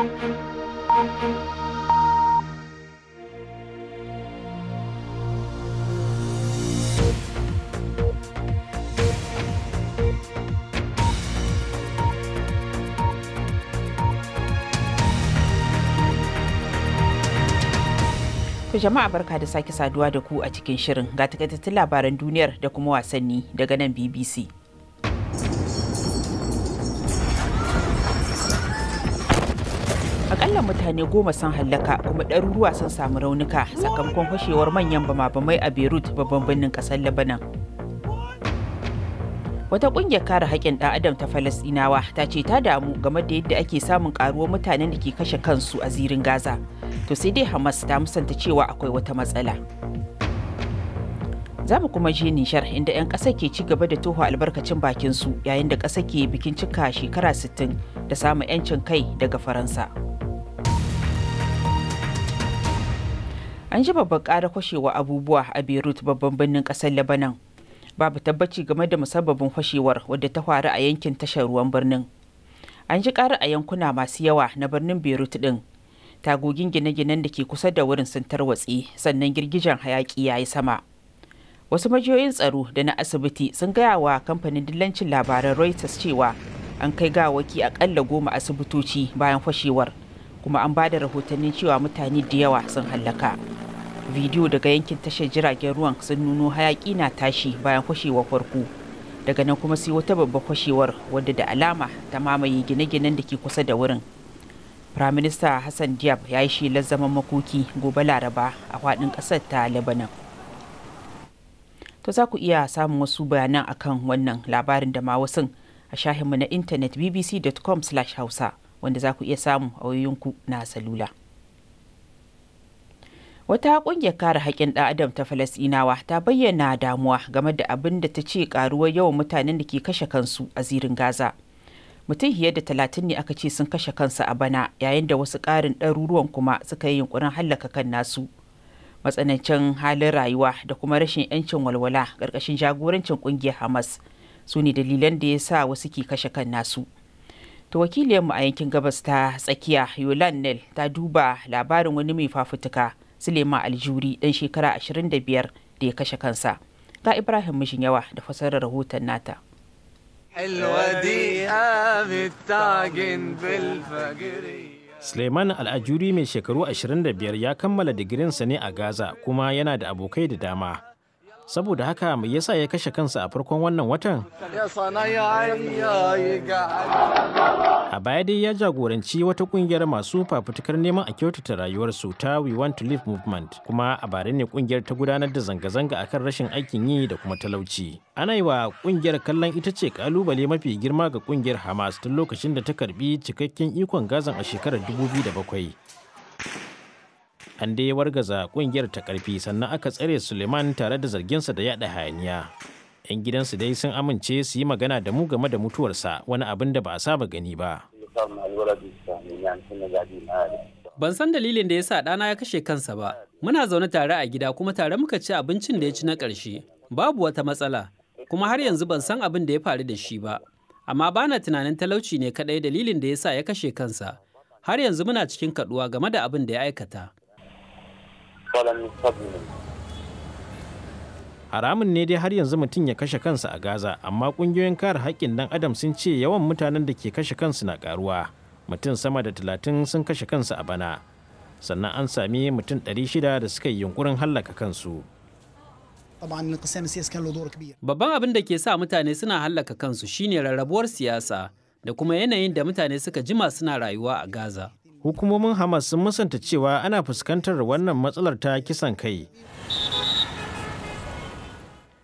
ku jama'a barka da sake saduwa da ku a cikin shirin ga takaitattun labaran duniyar da kuma wasanni daga nan BBC. akalla mutane goma sun hallaka kuma ɗaruruwa sun samu raunuka sakamakon fashewar manyan bama-bamai a beirut babban birnin ƙasar labanan wata ƙungiyar kare haƙƙin ɗan adam ta falasɗinawa ta ce ta damu game da yadda ake samun ƙaruwar mutanen da ke kashe kansu a zirin gaza to sai dai hamas ta musanta cewa akwai wata matsala za mu kuma je nishar inda 'yan ƙasa ke ci gaba da toho albarkacin bakinsu yayin da ƙasa ke bikin cika shekara 60 da samun 'yancin kai daga faransa an ji babban ƙara kwashewa abubuwa a beirut babban birnin ƙasar lebanon babu tabbaci game da musabbabin kwashewar wadda ta faru a yankin tashar ruwan birnin an ji ƙara a yankuna masu yawa na birnin beirut ɗin tagogin gine-ginen da ke kusa da wurin sun tarwatse sannan girgijen hayaƙi ya yi sama wasu majiyoyin tsaro da na asibiti sun gaya wa kamfanin dillancin labaran reuters cewa an kai gawaki aƙalla goma asibitoci bayan fashewar kuma an ba da rahotannin cewa mutane da yawa sun hallaka. bidiyo daga yankin tashar jiragen ruwan sun nuno hayaki na tashi bayan kwashewar farko daga nan kuma sai wata babbar kwashewar wadda da alama ta mamaye gine-ginen da ke kusa da wurin firaminista hassan diab ya yi shelar zaman makoki gobe laraba a faɗin ƙasar ta lebanon to za ku iya samun wasu bayanan akan wannan labarin da ma wasun a shahinmu na intanet bbc.com/hausa wanda za ku iya samu a wayoyinku na salula Wata ƙungiyar kare haƙƙin ɗan adam ta Falasɗinawa ta bayyana damuwa game da abin da ta ce ƙaruwar yawan mutanen da ke kashe kansu a zirin Gaza. Mutum fiye da talatin ne aka ce sun kashe kansu a bana yayin da wasu ƙarin ɗaruruwan kuma suka yi yunƙurin hallaka kan nasu. Matsanancin halin rayuwa da kuma rashin 'yancin walwala ƙarƙashin jagorancin ƙungiyar Hamas su ne dalilan da ya sa wasu ke kashe kan nasu. ta wakiliyarmu a yankin gabas ta tsakiya Yolan Nel ta duba labarin wani mai fafutuka sulema Aljuri dan shekara 25 da ya kashe kansa. Ga Ibrahim Mishin yawa da fasarar rahoton nata. Suleiman Al'ajuri mai shekaru 25 ya kammala digirinsa ne a Gaza kuma yana da abokai da dama. saboda haka mai yasa ya kashe kansa a farkon wannan watan a baya dai ya jagoranci wata kungiyar masu fafutukar neman a kyautata rayuwarsu ta we want to live movement kuma a bare ne kungiyar ta gudanar da zanga-zanga akan rashin aikin yi da kuma talauci ana yi wa kungiyar kallon ita ce kalubale mafi girma ga kungiyar hamas tun lokacin da ta karbi cikakken ikon gazan a shekarar 2007 an dai wargaza kungiyar ta karfi sannan aka tsare suleiman tare da zarginsa da yada hayaniya yan gidansu dai sun amince su yi magana da mu game da mutuwarsa wani abin da ba a saba gani ba ban san dalilin da ya sa ɗana ya kashe kansa ba muna zaune tare a gida kuma tare muka ci abincin da ya ci na ƙarshe babu wata matsala kuma har yanzu ban san abin da ya faru da shi ba amma bana tunanin talauci ne kaɗai dalilin da ya sa ya kashe kansa har yanzu muna cikin kaɗuwa game da abin da ya aikata haramun ne dai har yanzu mutum ya kashe kansa a gaza amma kungiyoyin kare haƙƙin ɗan adam sun ce yawan mutanen da ke kashe kansu na karuwa mutum sama da talatin sun kashe kansu a bana sannan an sami mutum 600 da suka yi yunkurin hallaka kansu babban abin da ke sa mutane suna hallaka kansu shine rarrabuwar siyasa da kuma yanayin da mutane suka jima suna rayuwa a gaza hukumomin hamas sun musanta cewa ana fuskantar wannan matsalar ta kisan kai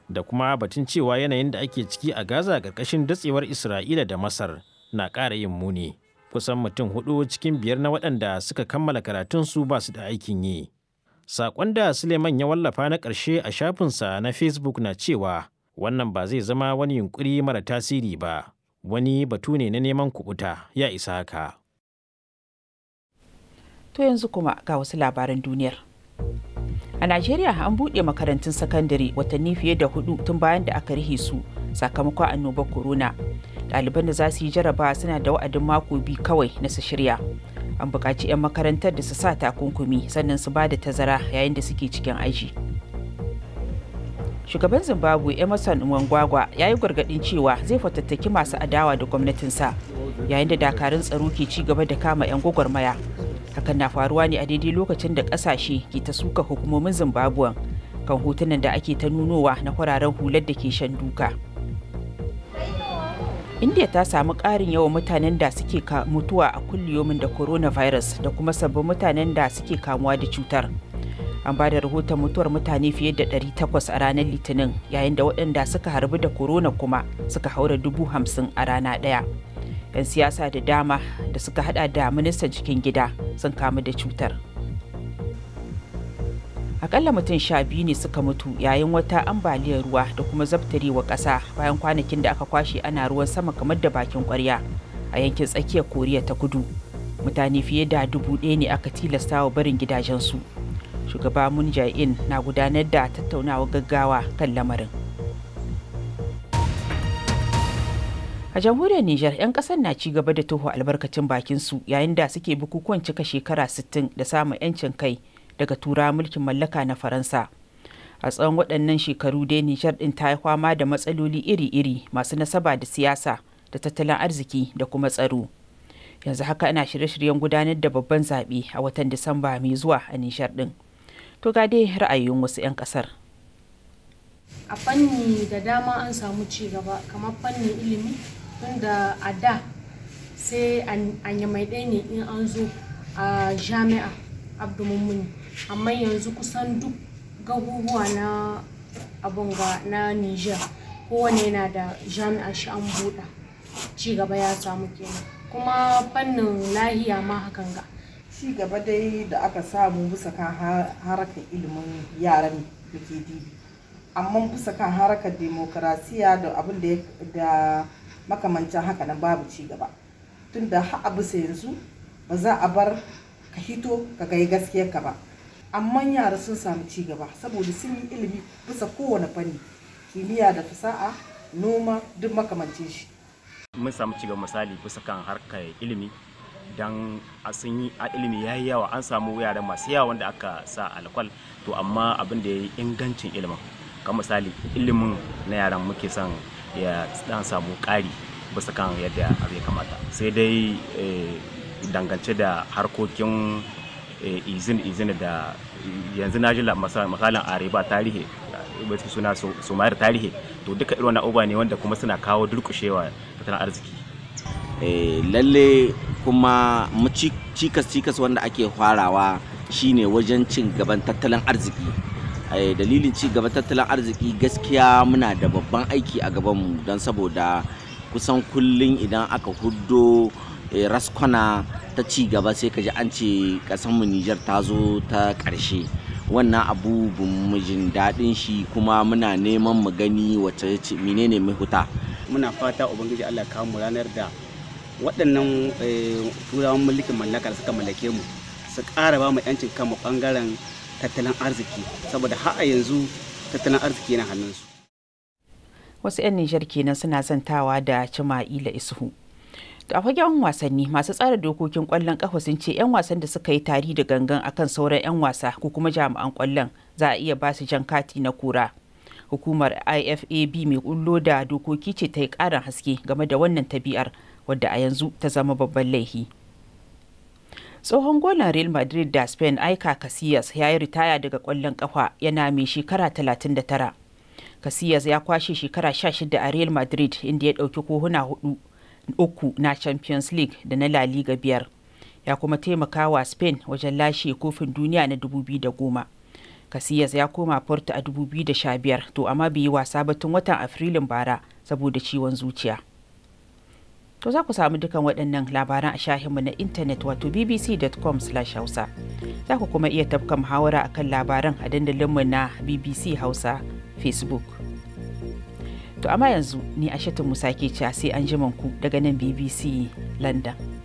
da kuma batun cewa yanayin da ake ciki a gaza ƙarƙashin datsewar isra'ila da masar na ƙara yin muni kusan mutum hudu cikin biyar na waɗanda suka kammala karatunsu ba su da aikin yi saƙon da suleiman ya wallafa na ƙarshe a shafinsa na facebook na cewa wannan ba zai zama wani yunƙuri mara tasiri ba wani batu ne na neman kuɓuta. ya isa haka To yanzu kuma ga wasu labaran duniyar. A Najeriya an buɗe makarantun sakandare watanni fiye da hudu tun bayan da aka rihe su sakamakon annobar corona. Ɗaliban da za su yi jarrabawa suna da wa'adin mako biyu kawai na su shirya. An buƙaci 'yan makarantar da su sa takunkumi sannan su ba da tazara yayin da suke cikin aji. Shugaban Zimbabwe Emerson Mnangagwa ya yi gargaɗin cewa zai fatattaki masu adawa da gwamnatinsa yayin da dakarun tsaro ke ci gaba da kama 'yan gwagwarmaya. hakan na faruwa ne a daidai lokacin da kasashe ke ta suka hukumomin zimbabwe kan hotunan da ake ta nunowa na kwararen hular da ke shan duka india ta samu ƙarin yawan mutanen da suke mutuwa a kulliyomin da coronavirus da kuma sabbin mutanen da suke kamuwa da cutar an ba da rahoton mutuwar mutane fiye da 800 a ranar litinin yayin da waɗanda suka harbi da corona kuma suka haura dubu hamsin a rana ɗaya. 'yan siyasa da dama da suka hada da ministan cikin gida sun kamu da cutar akalla mutum sha biyu ne suka mutu yayin wata ambaliyar ruwa da kuma zabtarewa ƙasa bayan kwanakin da aka kwashe ana ruwan sama kamar da bakin kwarya a yankin tsakiyar koriya ta kudu mutane fiye da dubu ɗaya ne aka tilasta wa barin gidajensu shugaba munja'in na gudanar da tattaunawa gaggawa kan lamarin a jamhuriyar Nijar 'yan kasar na ci gaba da toho albarkacin bakin su yayin da suke bukukuwan cika shekara 60 da samun 'yancin kai daga tura mulkin mallaka na Faransa. A tsawon waɗannan shekaru dai Nijar ɗin ta yi fama da matsaloli iri-iri masu nasaba da siyasa da tattalin arziki da kuma tsaro. Yanzu haka ana shirye-shiryen gudanar da babban zaɓe a watan Disamba mai zuwa a Nijar ɗin. To ga dai ra'ayoyin wasu 'yan kasar. a fanni da dama an samu ci gaba kamar fannin ilimi tunda a da sai a yi mai ne in an zo a jami'a abdulmumuni amma yanzu kusan duk gaguguwa na ga na niger kowane yana da jami'a shi an buɗa ci ya samu kenan kuma fannin lahiya ma hakan ga ci gaba dai da aka samu bisa kan harkar ilimin yaran da ke dibi amma bisa kan harkar demokarasiya da abin da makamancin haka nan babu ci gaba tunda har abu sai yanzu ba za a bar ka hito ka gai gaskiyar ka ba amma yara sun samu ci gaba saboda sun yi ilimi bisa kowane fanni kimiyya da fasaha noma duk makamancin shi mun samu ci gaba misali bisa kan harkar ilimi dan a sun yi a ilimi yayi yawa an samu yaran masu yawa wanda aka sa alkwal to amma abin da ya yi ingancin ilimin kan misali ilimin na yaran muke son ya dan samu ƙari bisa kan yadda abu ya kamata sai dai eh, dangance da harkokin eh, izin izin da yanzu na ji makalin areba tarihi wasu suna sumayar tarihi to duka irin wani abubuwa ne wanda kuma suna kawo durkushewa tattalin arziki eh, lalle kuma cikas cikas wanda ake farawa shine wajen cin gaban tattalin arziki Eh, dalilin ci gaba tattalin arziki gaskiya muna da babban aiki a gabanmu don saboda kusan kullum idan aka e raskwana ta ci gaba sai ka ji an ce mu Nijar ta zo ta ƙarshe wannan abu mu jin daɗin shi kuma muna neman mu gani wace menene mahuta muna fata ubangiji Allah kawo mu ranar da waɗannan eh, turawan mulkin mallaka da suka mallake mu su ƙara ba mu 'yancin kanmu ɓangaren tattalin arziki saboda har yanzu tattalin arziki na hannunsu wasu 'yan nijar kenan suna zantawa da ila isuhu a fagen wasanni masu tsara dokokin kwallon kafa sun ce 'yan wasan da suka yi tari da gangan akan sauran 'yan wasa ko kuma jami'an kwallon za a iya ba su jan kati na kura hukumar ifab mai kullo da dokoki ce ta yi karin haske game da wannan tabi'ar wadda a yanzu ta zama babban laifi tsohon golan real madrid da spain aika casillas ya yi ritaya daga kwallon kafa yana mai shekara 39 casillas ya kwashe shekara 16 a real madrid inda ya dauki kohuna hudu uku na champions league da na la liga biyar ya kuma taimaka wa spain wajen lashe kofin duniya na 2010 casillas ya koma porto a 2015 to amma bai yi wasa batun watan afrilun bara saboda ciwon zuciya To za ku samu dukan waɗannan labaran a shahinmu na intanet wato bbc.com hausa Za ku kuma iya tafka muhawara a kan labaran a dandalinmu na BBC Hausa Facebook. To amma yanzu ni a shatin Musa ke sai an ku daga nan BBC London.